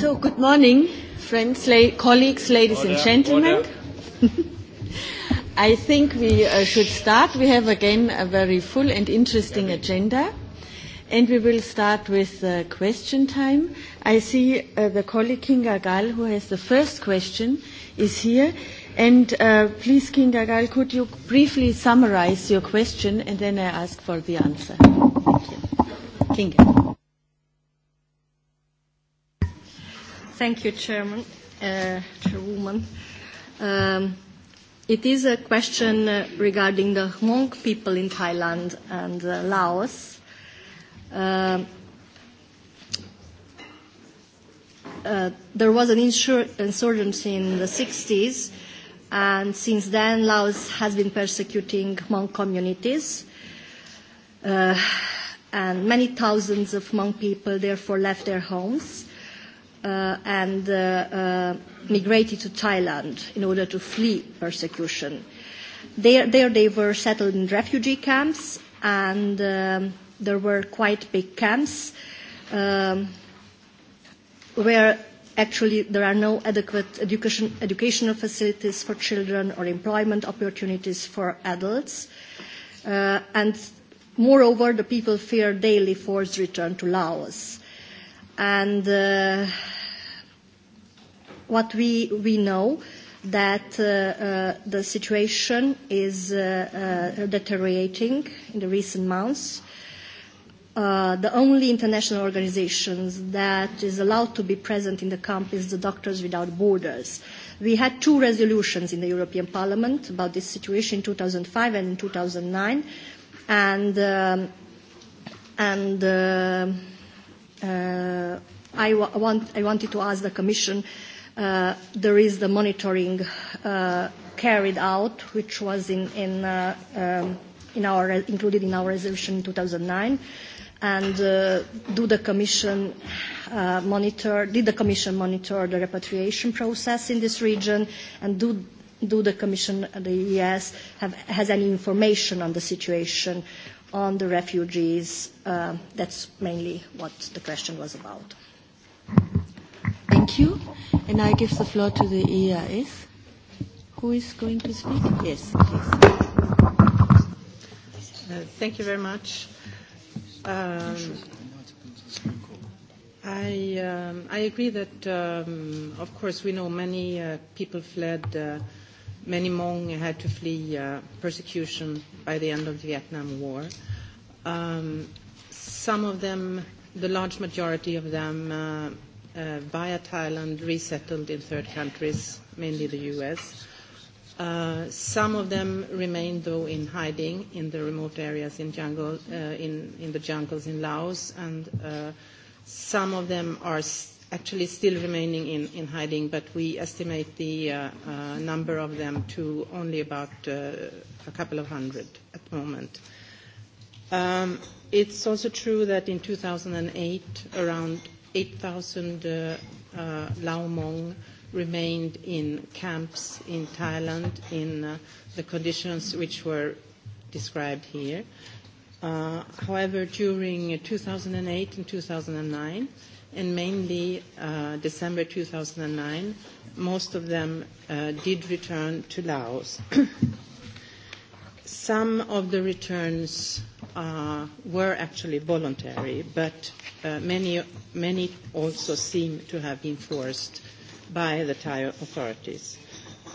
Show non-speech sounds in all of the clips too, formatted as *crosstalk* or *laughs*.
So, good morning, friends, colleagues, ladies and gentlemen. *laughs* I think we uh, should start. We have again a very full and interesting agenda. And we will start with question time. I see uh, the colleague Kinga Gal, who has the first question, is here. And uh, please, Kinga Gal, could you briefly summarize your question and then I ask for the answer? Thank you. Kinga. Thank you, Chairman, uh, Chairwoman. Um, it is a question uh, regarding the Hmong people in Thailand and uh, Laos. Uh, uh, there was an insurgency in the 60s, and since then Laos has been persecuting Hmong communities. Uh, and many thousands of Hmong people therefore left their homes uh, and uh, uh, migrated to Thailand in order to flee persecution. There, there they were settled in refugee camps, and um, there were quite big camps um, where actually there are no adequate education, educational facilities for children or employment opportunities for adults. Uh, and moreover, the people fear daily forced return to Laos And uh, what we, we know that uh, uh, the situation is uh, uh, deteriorating in the recent months. Uh, the only international organizations that is allowed to be present in the camp is the Doctors Without Borders. We had two resolutions in the European Parliament about this situation in 2005 and in 2009, and um, and. Uh, uh, I, wa- want, I wanted to ask the Commission, uh, there is the monitoring uh, carried out, which was in, in, uh, um, in our, included in our resolution in 2009. And uh, do the Commission uh, monitor, did the Commission monitor the repatriation process in this region? And do, do the Commission, uh, the ES, have, has any information on the situation on the refugees. Uh, that's mainly what the question was about. Thank you. And I give the floor to the EIS. Who is going to speak? Yes, please. Uh, thank you very much. Um, I, um, I agree that, um, of course, we know many uh, people fled uh, Many Hmong had to flee uh, persecution by the end of the Vietnam War. Um, some of them, the large majority of them, uh, uh, via Thailand, resettled in third countries, mainly the US. Uh, some of them remained, though, in hiding in the remote areas in, jungle, uh, in, in the jungles in Laos, and uh, some of them are actually still remaining in, hiding, but we estimate the uh, uh, number of them to only about uh, a couple of hundred at the moment. Um, it's also true that in 2008, around 8,000 Lao Hmong remained in camps in Thailand in the conditions which were described here. however, during 2008 and 2009, and mainly uh, December 2009, most of them uh, did return to Laos. *coughs* Some of the returns uh, were actually voluntary, but uh, many, many also seem to have been forced by the Thai authorities.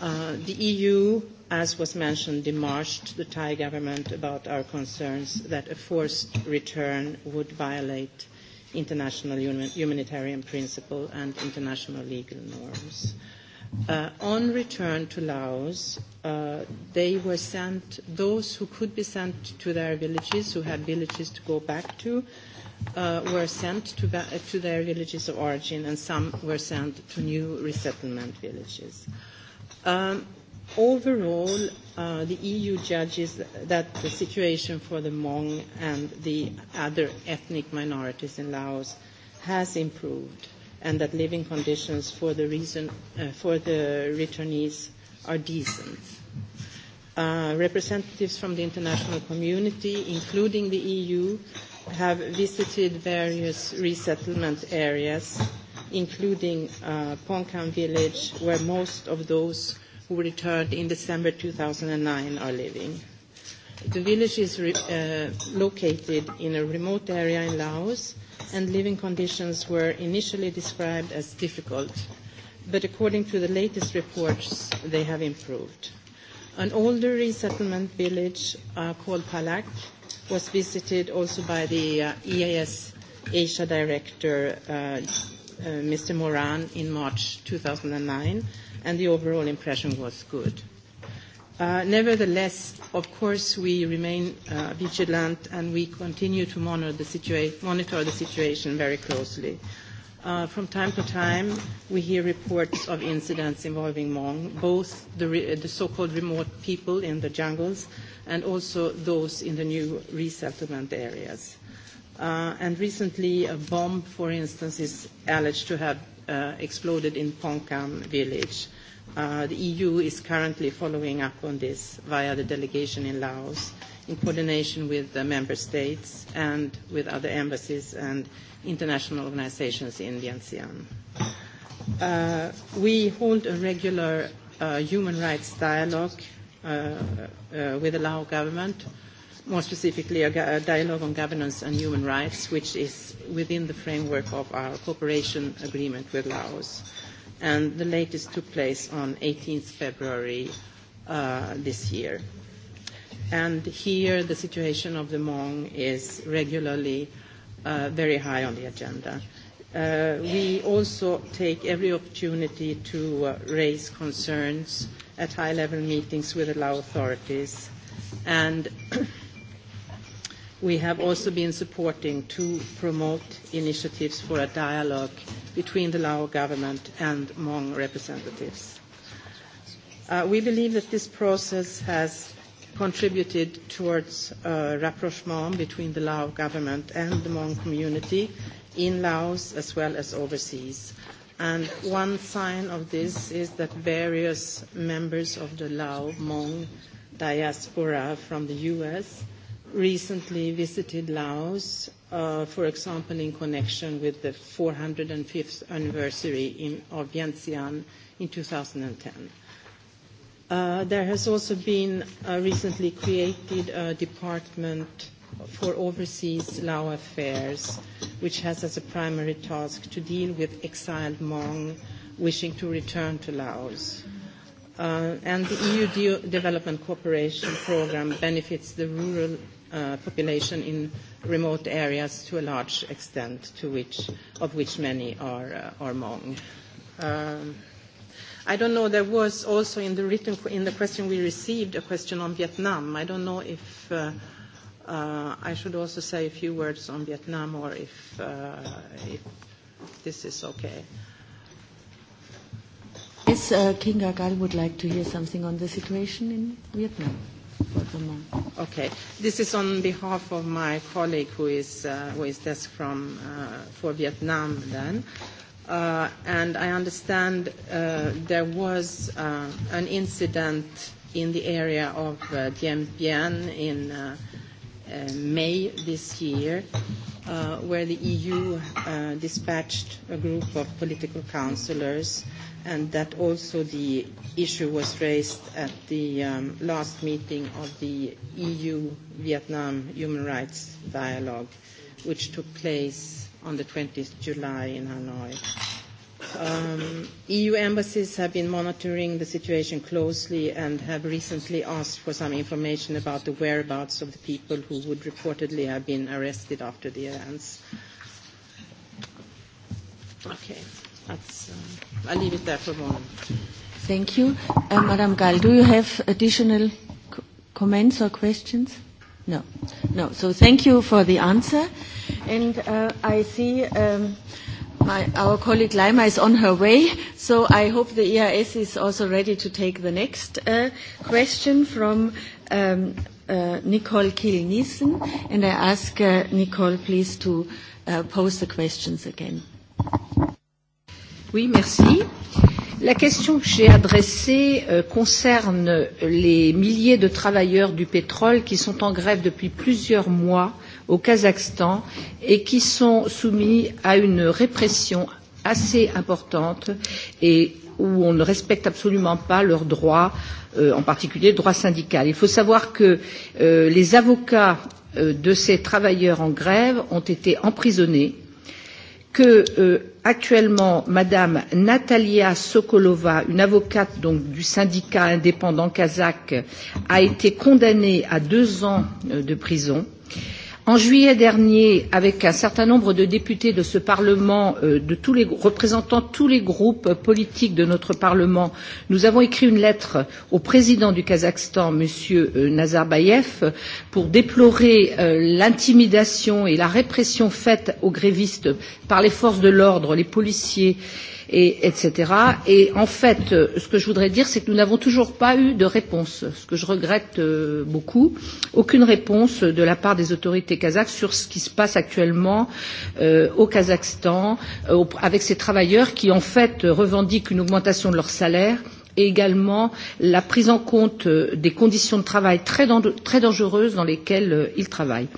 Uh, the EU, as was mentioned, demarched the Thai government about our concerns that a forced return would violate uh, international humanitarian principle and international legal norms. Uh, on return to Laos, uh, they were sent, those who could be sent to their villages, who had villages to go back to, uh, were sent to, ba- uh, to their villages of origin, and some were sent to new resettlement villages. Um, overall, uh, the EU judges that the situation for the Hmong and the other ethnic minorities in Laos has improved, and that living conditions for the, reason, uh, for the returnees are decent. Uh, representatives from the international community, including the EU, have visited various resettlement areas, including uh, Pongkang village, where most of those who returned in December 2009 are living. The village is re- uh, located in a remote area in Laos, and living conditions were initially described as difficult, but according to the latest reports, they have improved. An older resettlement village uh, called Palak was visited also by the uh, EAS Asia Director uh, Uh, Mr. Moran in March 2009, and the overall impression was good. Uh, nevertheless, of course, we remain uh, vigilant and we continue to monitor the, situa- monitor the situation very closely. Uh, from time to time, we hear reports of incidents involving Hmong, both the, re- the so-called remote people in the jungles and also those in the new resettlement areas. Uh, and recently, a bomb, for instance, is alleged to have uh, exploded in Ponkam village. Uh, the EU is currently following up on this via the delegation in Laos in coordination with the member states and with other embassies and international organizations in Vientiane. Uh, we hold a regular uh, human rights dialogue uh, uh, with the Lao government more specifically a, dialogue on governance and human rights, which is within the framework of our cooperation agreement with Laos. And the latest took place on 18th February uh, this year. And here the situation of the Hmong is regularly uh, very high on the agenda. Uh, we also take every opportunity to uh, raise concerns at high-level meetings with the Lao authorities and *clears throat* we have also been supporting to promote initiatives for a dialogue between the Lao government and Hmong representatives. Uh, we believe that this process has contributed towards a uh, rapprochement between the Lao government and the Hmong community in Laos as well as overseas. And one sign of this is that various members of the Lao Hmong diaspora from the US recently visited Laos, uh, for example, in connection with the 405th anniversary in, of Vientiane in 2010. Uh, there has also been a uh, recently created a department for overseas Lao affairs, which has as a primary task to deal with exiled Hmong wishing to return to Laos. Uh, and the EU de- Development Cooperation Programme benefits the rural Uh, population in remote areas to a large extent, to which, of which many are, uh, are Hmong. Um, I don't know, there was also in the written, in the question we received, a question on Vietnam. I don't know if uh, uh, I should also say a few words on Vietnam or if, uh, if this is okay. Yes, uh, Kinga Gal would like to hear something on the situation in Vietnam. Okay. This is on behalf of my colleague who is, uh, who is desk from, uh, for Vietnam then. Uh, and I understand there was an incident in the area of Dien Bien in May this year where the EU dispatched a group of political counselors and that also the issue was raised at the um, last meeting of the EU-Vietnam Human Rights Dialogue, which took place on the 20th July in Hanoi. Um, EU embassies have been monitoring the situation closely and have recently asked for some information about the whereabouts of the people who would reportedly have been arrested after the events. Okay. That's, uh, I'll leave it there for a moment. Thank you. Uh, Madam Gall, do you have additional co- comments or questions? No. No. So thank you for the answer. And uh, I see um, my, our colleague Lima is on her way, so I hope the EIS is also ready to take the next uh, question from um, uh, Nicole Kiel-Nielsen. And I ask uh, Nicole, please, to uh, pose the questions again. Oui, merci. La question que j'ai adressée euh, concerne les milliers de travailleurs du pétrole qui sont en grève depuis plusieurs mois au Kazakhstan et qui sont soumis à une répression assez importante et où on ne respecte absolument pas leurs droits, euh, en particulier le droit syndical. Il faut savoir que euh, les avocats euh, de ces travailleurs en grève ont été emprisonnés que euh, actuellement madame Natalia Sokolova, une avocate donc du syndicat indépendant kazakh, a été condamnée à deux ans euh, de prison. Euh, en juillet dernier, avec un certain nombre de députés de ce Parlement, euh, de tous les, représentant tous les groupes politiques de notre Parlement, nous avons écrit une lettre au président du Kazakhstan, M. Euh, Nazarbayev, pour déplorer euh, l'intimidation et la répression faite aux grévistes par les forces de l'ordre, les policiers, euh, et etc. Et en fait, euh, ce que je voudrais dire, c'est que nous n'avons toujours pas eu de réponse, ce que je regrette euh, beaucoup, aucune réponse de la part des autorités kazakhs sur ce qui se passe actuellement euh, au Kazakhstan euh, avec ces travailleurs qui en fait revendiquent une augmentation de leur salaire et également la prise en compte euh, des conditions de travail très, très dangereuses dans lesquelles ils travaillent.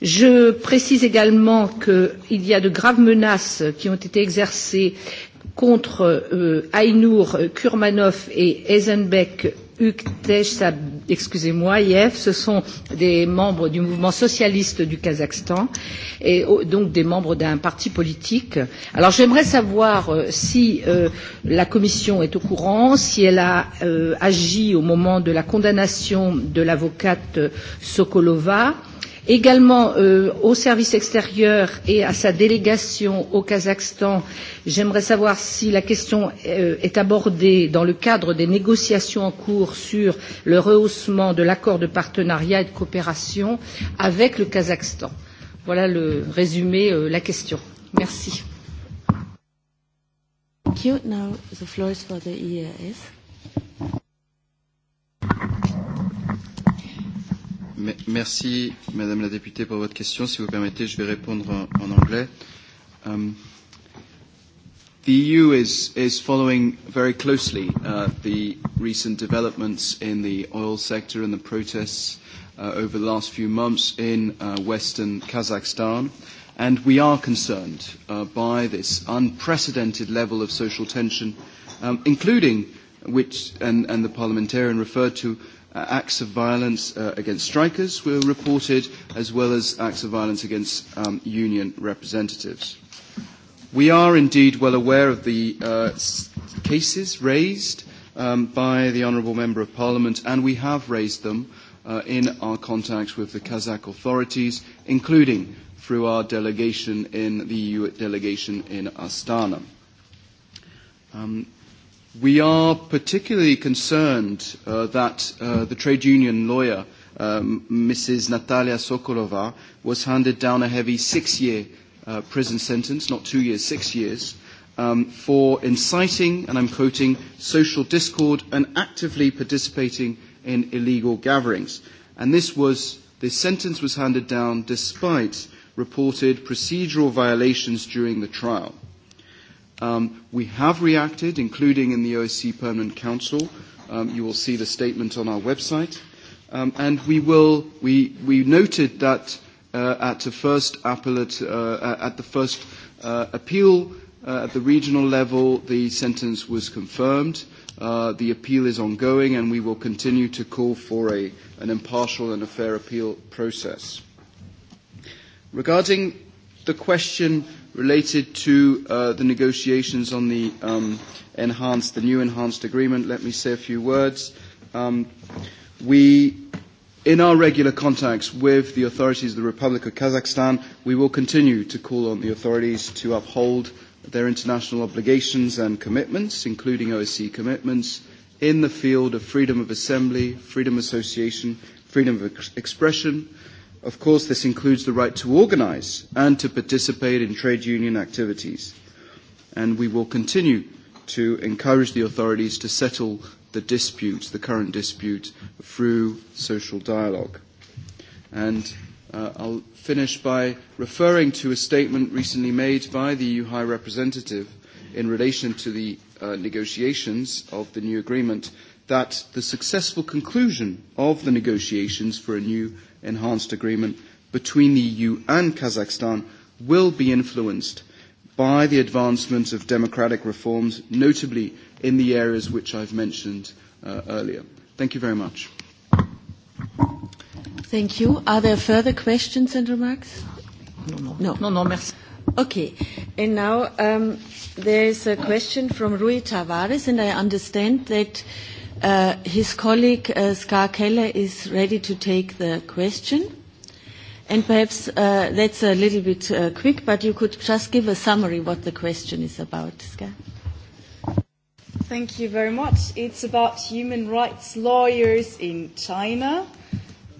Je précise également qu'il y a de graves menaces qui ont été exercées contre euh, Aynur euh, Kurmanov et Eisenbeck excusez-moi, IEF, ce sont des membres du mouvement socialiste du Kazakhstan et donc des membres d'un parti politique. Alors j'aimerais savoir euh, si euh, la Commission est au courant, si elle a euh, agi au moment de la condamnation de l'avocate Sokolova. Euh, Également euh, au service extérieur et à sa délégation au Kazakhstan, j'aimerais savoir si la question euh, est abordée dans le cadre des négociations en cours sur le rehaussement de l'accord de partenariat et de coopération avec le Kazakhstan. Voilà le résumé, euh, la question. Merci. Thank you. Now the floor is for the e Merci, Madame la députée, pour votre question. Si vous permettez, je vais répondre en anglais. Um, the EU is, is following very closely uh, the recent developments in the oil sector and the protests uh, over the last few months in uh, western Kazakhstan. And we are concerned uh, by this unprecedented level of social tension, um, including which, and, and the parliamentarian referred to, Uh, acts of violence uh, against strikers were reported, as well as acts of violence against um, union representatives. We are indeed well aware of the uh, cases raised um, by the Honourable Member of Parliament, and we have raised them uh, in our contacts with the Kazakh authorities, including through our delegation in the EU delegation in Astana. Um, We are particularly concerned uh, that uh, the trade union lawyer, um, Mrs. Natalia Sokolova, was handed down a heavy six-year uh, prison sentence, not two years, six years, um, for inciting, and I'm quoting, social discord and actively participating in illegal gatherings. And this was, this sentence was handed down despite reported procedural violations during the trial. Um, we have reacted, including in the OSC Permanent Council. Um, you will see the statement on our website. Um, and we, will, we, we noted that uh, at the first appellate, uh, uh, at the first uh, appeal uh, at the regional level, the sentence was confirmed. Uh, the appeal is ongoing, and we will continue to call for a, an impartial and a fair appeal process. Regarding the question related to uh, the negotiations on the um, enhanced, the new enhanced agreement, let me say a few words. Um, we, in our regular contacts with the authorities of the Republic of Kazakhstan, we will continue to call on the authorities to uphold their international obligations and commitments, including OSCE commitments, in the field of freedom of assembly, freedom of association, freedom of expression, Of course, this includes the right to organise and to participate in trade union activities. And we will continue to encourage the authorities to settle the dispute, the current dispute, through social dialogue. And uh, I'll finish by referring to a statement recently made by the EU High Representative in relation to the uh, negotiations of the new agreement that the successful conclusion of the negotiations for a new enhanced agreement between the EU and Kazakhstan will be influenced by the advancement of democratic reforms, notably in the areas which I've mentioned uh, earlier. Thank you very much. Thank you. Are there further questions and remarks? No, no. No, no, no merci. Okay. And now um, there is a question from Rui Tavares, and I understand that Uh, his colleague uh, Ska Keller is ready to take the question. And perhaps uh, that's a little bit uh, quick, but you could just give a summary what the question is about, Ska. Thank you very much. It's about human rights lawyers in China,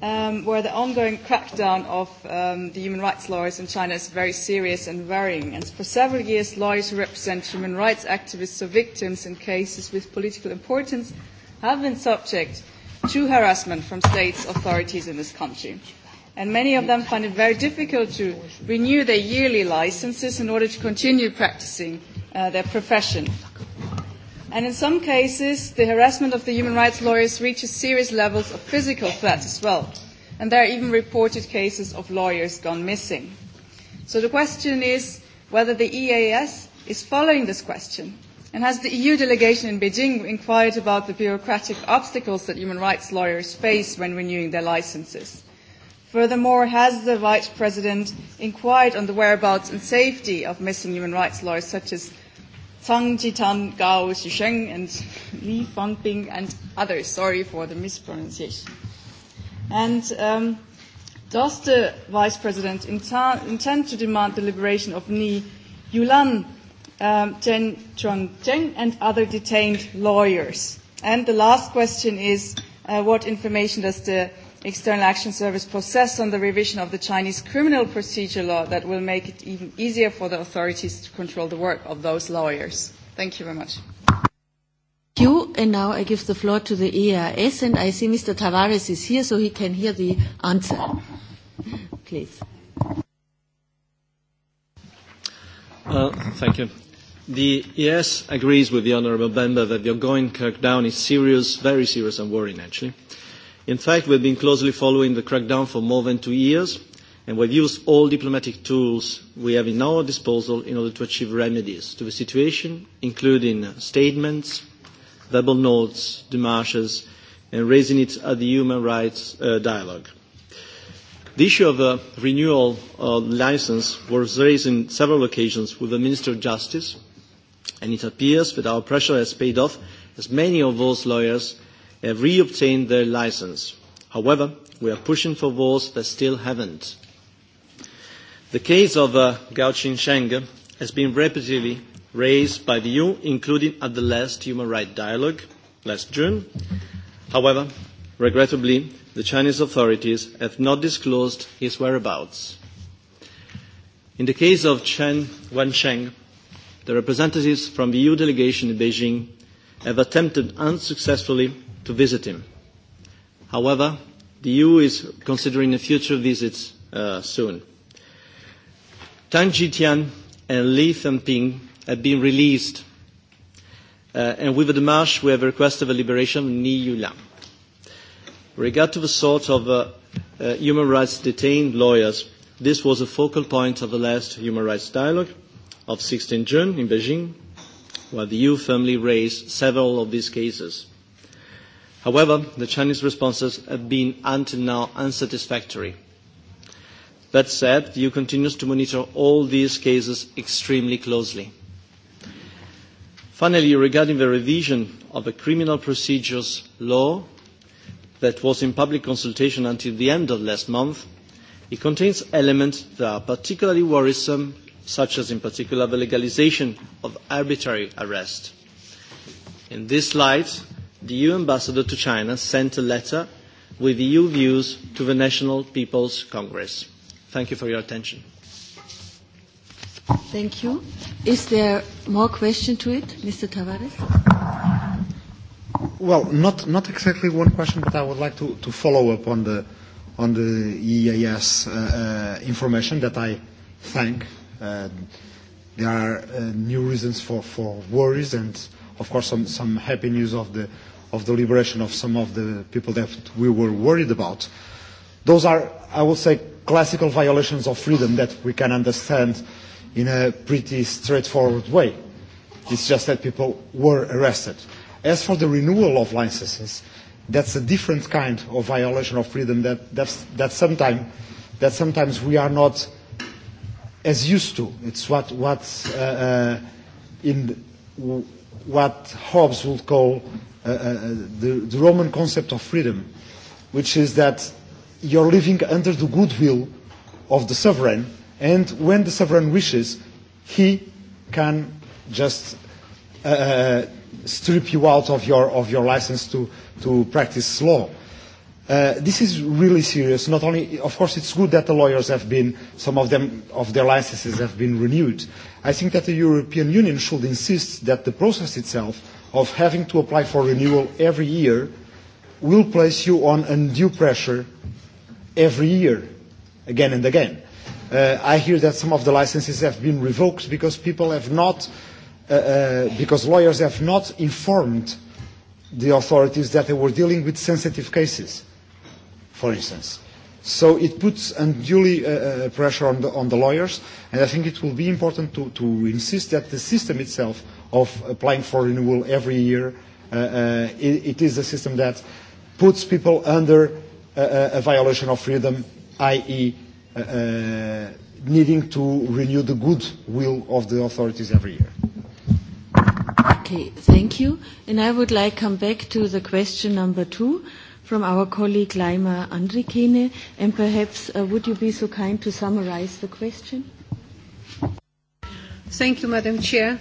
um, where the ongoing crackdown of um, the human rights lawyers in China is very serious and worrying. And for several years, lawyers who represent human rights activists or victims in cases with political importance have been subject to harassment from state authorities in this country. And many of them find it very difficult to renew their yearly licenses in order to continue practicing uh, their profession. And in some cases, the harassment of the human rights lawyers reaches serious levels of physical threat as well. And there are even reported cases of lawyers gone missing. So the question is whether the EAS is following this question And has the EU delegation in Beijing inquired about the bureaucratic obstacles that human rights lawyers face when renewing their licenses? Furthermore, has the Vice President inquired on the whereabouts and safety of missing human rights lawyers such as Tang Jitan Gao Shisheng and Li Fangping and others? Sorry for the mispronunciation. And um, does the Vice President intend to demand the liberation of Ni Yulan? um, Chen Cheng and other detained lawyers? And the last question is, uh, what information does the External Action Service possess on the revision of the Chinese criminal procedure law that will make it even easier for the authorities to control the work of those lawyers? Thank you very much. Thank you. And now I give the floor to the EAS, and I see Mr. Tavares is here, so he can hear the answer. Please. Uh, thank you. The ES agrees with the Honourable member that the ongoing crackdown is serious, very serious and worrying actually. In fact, we've been closely following the crackdown for more than two years, and we've used all diplomatic tools we have in our disposal in order to achieve remedies to the situation, including statements, verbal notes, demarches, and raising it at the human rights uh, dialogue. The issue of a uh, renewal of license was raised in several occasions with the Minister of Justice and it appears that our pressure has paid off as many of those lawyers have reobtained their license. However, we are pushing for those that still haven't. The case of uh, Gao Qingsheng has been repeatedly raised by the EU, including at the last Human Rights Dialogue last June. However, regrettably, the Chinese authorities have not disclosed his whereabouts. In the case of Chen Wensheng, the representatives from the EU delegation in Beijing have attempted unsuccessfully to visit him. However, the EU is considering a future visit uh, soon. Tang Jitian and Li Fengping have been released, uh, and with the demarche, we have requested the liberation of Ni Yulang. regard to the sort of uh, uh, human rights detained lawyers, this was a focal point of the last human rights dialogue of 16 June in Beijing, where the EU firmly raised several of these cases. However, the Chinese responses have been until now unsatisfactory. That said, the EU continues to monitor all these cases extremely closely. Finally, regarding the revision of the criminal procedures law that was in public consultation until the end of last month, it contains elements that are particularly worrisome such as in particular the legalization of arbitrary arrest. In this light, the EU ambassador to China sent a letter with EU views to the National People's Congress. Thank you for your attention. Thank you. Is there more question to it, Mr. Tavares? Well, not, not exactly one question, but I would like to, to follow up on the, on the EAS uh, uh, information that I thank Um, there are uh, new reasons for, for worries and, of course, some, some happy news of the, of the liberation of some of the people that we were worried about. Those are, I would say, classical violations of freedom that we can understand in a pretty straightforward way. It's just that people were arrested. As for the renewal of licenses, that's a different kind of violation of freedom that, that's, that, sometime, that sometimes we are not as used to. It's what, what, uh, uh in what Hobbes would call uh, uh, the, the Roman concept of freedom, which is that you're living under the goodwill of the sovereign, and when the sovereign wishes, he can just uh, uh strip you out of your, of your license to, to practice law. Uh, this is really serious. Not only, of course, it's good that the lawyers have been, some of them, of their licenses have been renewed. I think that the European Union should insist that the process itself of having to apply for renewal every year will place you on undue pressure every year, again and again. Uh, I hear that some of the licenses have been revoked because people have not, uh, uh, because lawyers have not informed the authorities that they were dealing with sensitive cases for instance. So it puts unduly uh, uh, pressure on the, on the lawyers, and I think it will be important to, to insist that the system itself of applying for renewal every year, uh, uh, it, it is a system that puts people under a, uh, uh, a violation of freedom, i.e., uh, needing to renew the good will of the authorities every year. Okay, thank you. And I would like to come back to the question number two from our colleague Laima Andrikene, and perhaps uh, would you be so kind to summarize the question? Thank you, Madam Chair.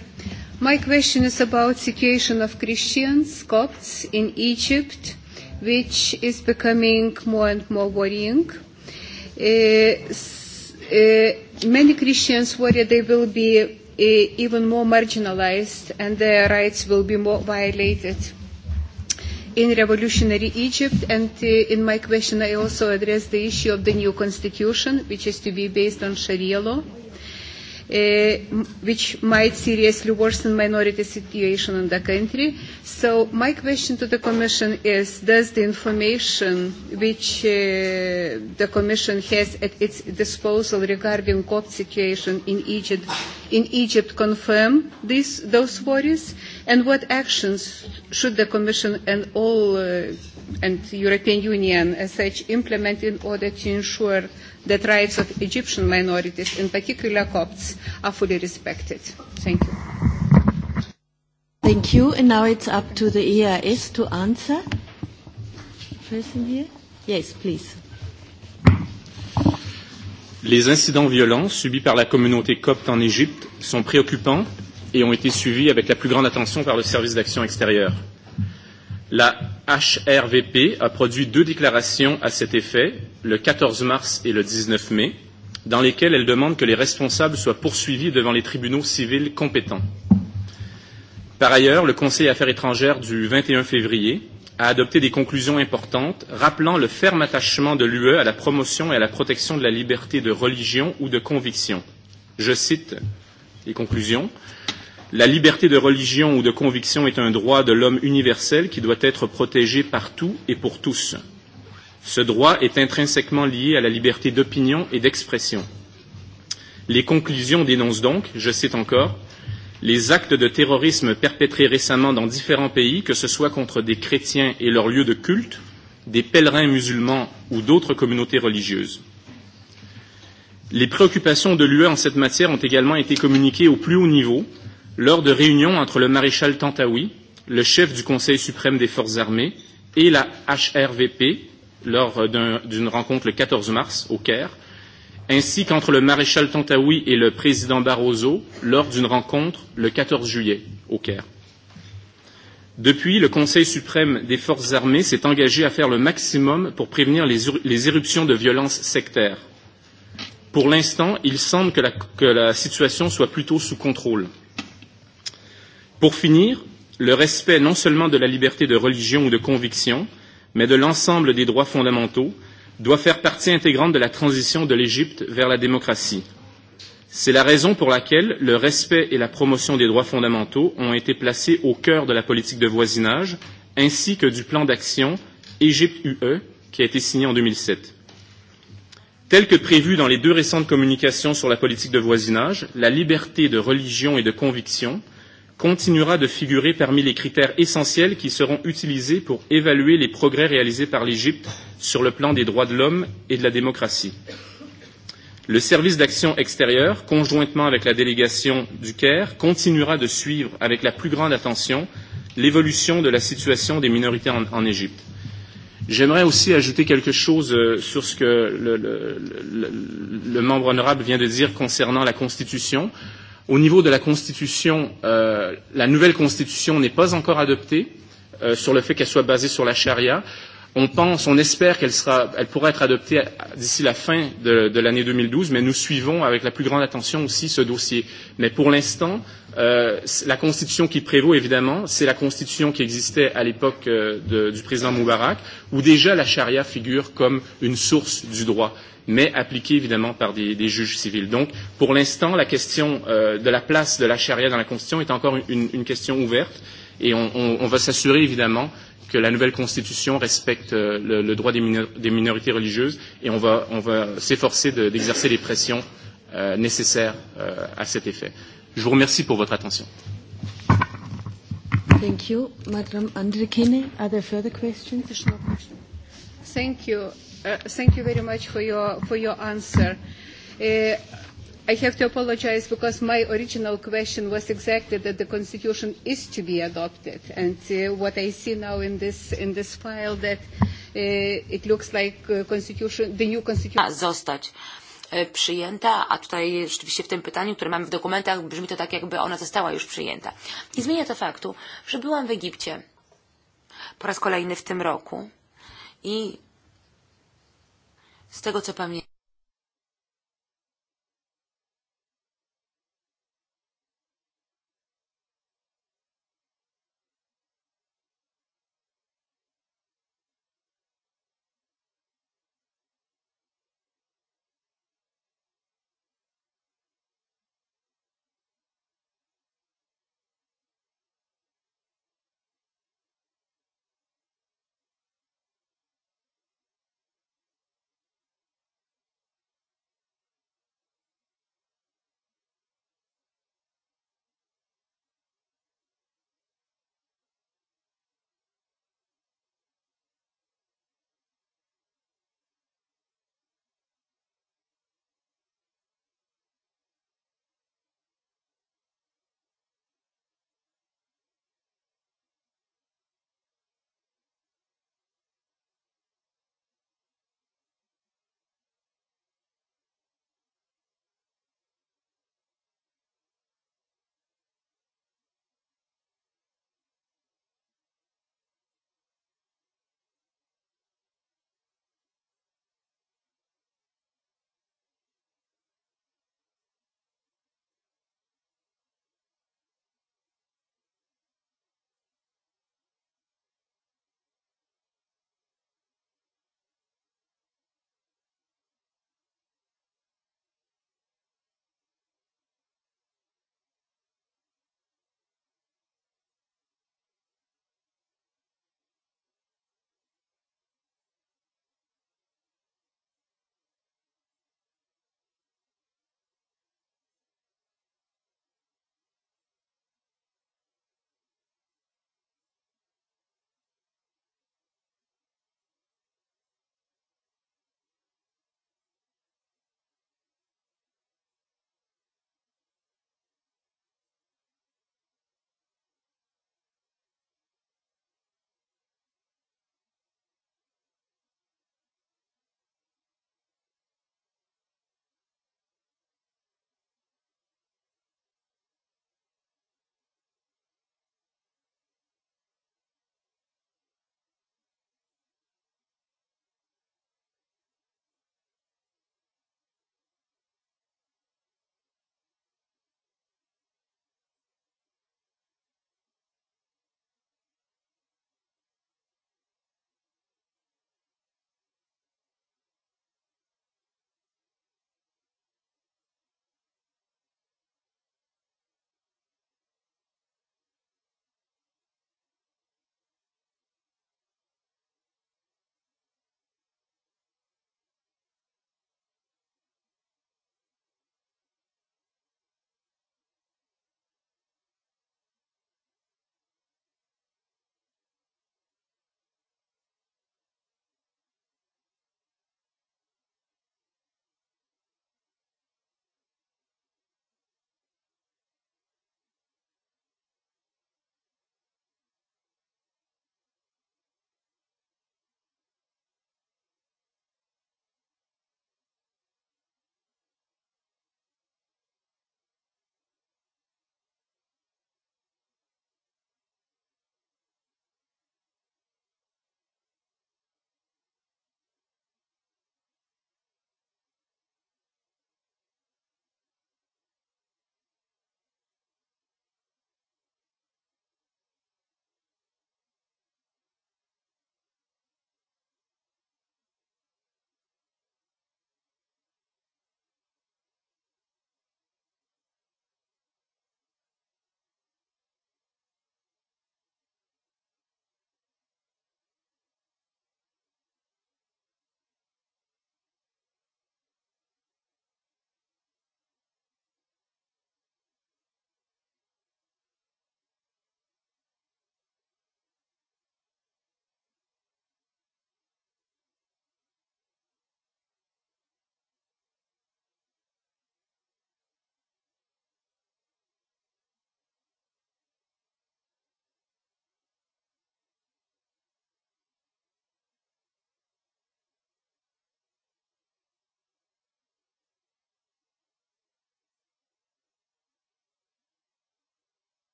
My question is about situation of Christians, Copts in Egypt, which is becoming more and more worrying. Uh, Uh, many Christians worry they will be uh, even more marginalized and their rights will be more violated in revolutionary Egypt. And uh, in my question, I also addressed the issue of the new constitution, which is to be based on Sharia law uh, which might seriously worsen minority situation in the country. So my question to the Commission is, does the information which uh, the Commission has at its disposal regarding COP situation in Egypt, in Egypt confirm these, those worries? And what actions should the Commission and all uh, and European Union as such implement in order to ensure that rights of Egyptian minorities, in particular Copts, are fully respected. Thank you. Thank you. And now it's up to the EIS to answer. Person here? Yes, please. Les incidents violents subis par la communauté copte en Égypte sont préoccupants et ont été suivis avec la plus grande attention par le service d'action extérieure. La HRVP a produit deux déclarations à cet effet, le 14 mars et le 19 mai, dans lesquelles elle demande que les responsables soient poursuivis devant les tribunaux civils compétents. Par ailleurs, le Conseil Affaires étrangères du 21 février a adopté des conclusions importantes rappelant le ferme attachement de l'UE à la promotion et à la protection de la liberté de religion ou de conviction. Je cite les conclusions La liberté de religion ou de conviction est un droit de l'homme universel qui doit être protégé partout et pour tous. Ce droit est intrinsèquement lié à la liberté d'opinion et d'expression. Les conclusions dénoncent donc, je cite encore, les actes de terrorisme perpétrés récemment dans différents pays, que ce soit contre des chrétiens et leurs lieux de culte, des pèlerins musulmans ou d'autres communautés religieuses. Les préoccupations de l'UE en cette matière ont également été communiquées au plus haut niveau lors de réunions entre le maréchal Tantawi, le chef du Conseil suprême des forces armées, et la HRVP lors euh, d'une un, rencontre le 14 mars au Caire, ainsi qu'entre le maréchal Tantawi et le président Barroso lors d'une rencontre le 14 juillet au Caire. Depuis, le Conseil suprême des forces armées s'est engagé à faire le maximum pour prévenir les, les éruptions de violences sectaires. Pour l'instant, il semble que la, que la situation soit plutôt sous contrôle. Pour finir, le respect non seulement de la liberté de religion ou de conviction, mais de l'ensemble des droits fondamentaux, doit faire partie intégrante de la transition de l'Égypte vers la démocratie. C'est la raison pour laquelle le respect et la promotion des droits fondamentaux ont été placés au cœur de la politique de voisinage ainsi que du plan d'action Égypte UE qui a été signé en 2007. Tel que prévu dans les deux récentes communications sur la politique de voisinage, la liberté de religion et de conviction continuera de figurer parmi les critères essentiels qui seront utilisés pour évaluer les progrès réalisés par l'Égypte sur le plan des droits de l'homme et de la démocratie. Le service d'action extérieure, conjointement avec la délégation du Caire, continuera de suivre avec la plus grande attention l'évolution de la situation des minorités en, en Égypte. J'aimerais aussi ajouter quelque chose euh, sur ce que le, le, le, le membre honorable vient de dire concernant la Constitution. Au niveau de la Constitution, euh, la nouvelle Constitution n'est pas encore adoptée euh, sur le fait qu'elle soit basée sur la charia. On pense, on espère qu'elle sera, elle pourra être adoptée d'ici la fin de, de l'année 2012, mais nous suivons avec la plus grande attention aussi ce dossier. Mais pour l'instant, euh, la constitution qui prévaut, évidemment, c'est la constitution qui existait à l'époque euh, du président Moubarak, où déjà la charia figure comme une source du droit mais appliquée évidemment par des, des juges civils. Donc, pour l'instant, la question euh, de la place de la charia dans la Constitution est encore une, une question ouverte et on, on, on va s'assurer évidemment que la nouvelle Constitution respecte euh, le, le droit des, minor des minorités religieuses et on va, on va s'efforcer d'exercer les pressions euh, nécessaires euh, à cet effet. Je vous remercie pour votre attention. Thank you. Madame Andrikine, are there further questions? Thank you. Uh, thank you very much for your, for your answer. Uh, I have to apologize because my original question was exactly that the constitution is to be adopted, and uh, what I see now in this in this file that uh, it looks like uh, constitution, the new constitution. Zostać e, przyjęta, a tutaj rzeczywiście w tym pytaniu, które mamy w dokumentach, brzmi to tak, jakby ona została już przyjęta. Nie zmienia to faktu, że byłam w Egipcie po raz kolejny w tym roku i Z tego co pamiętam.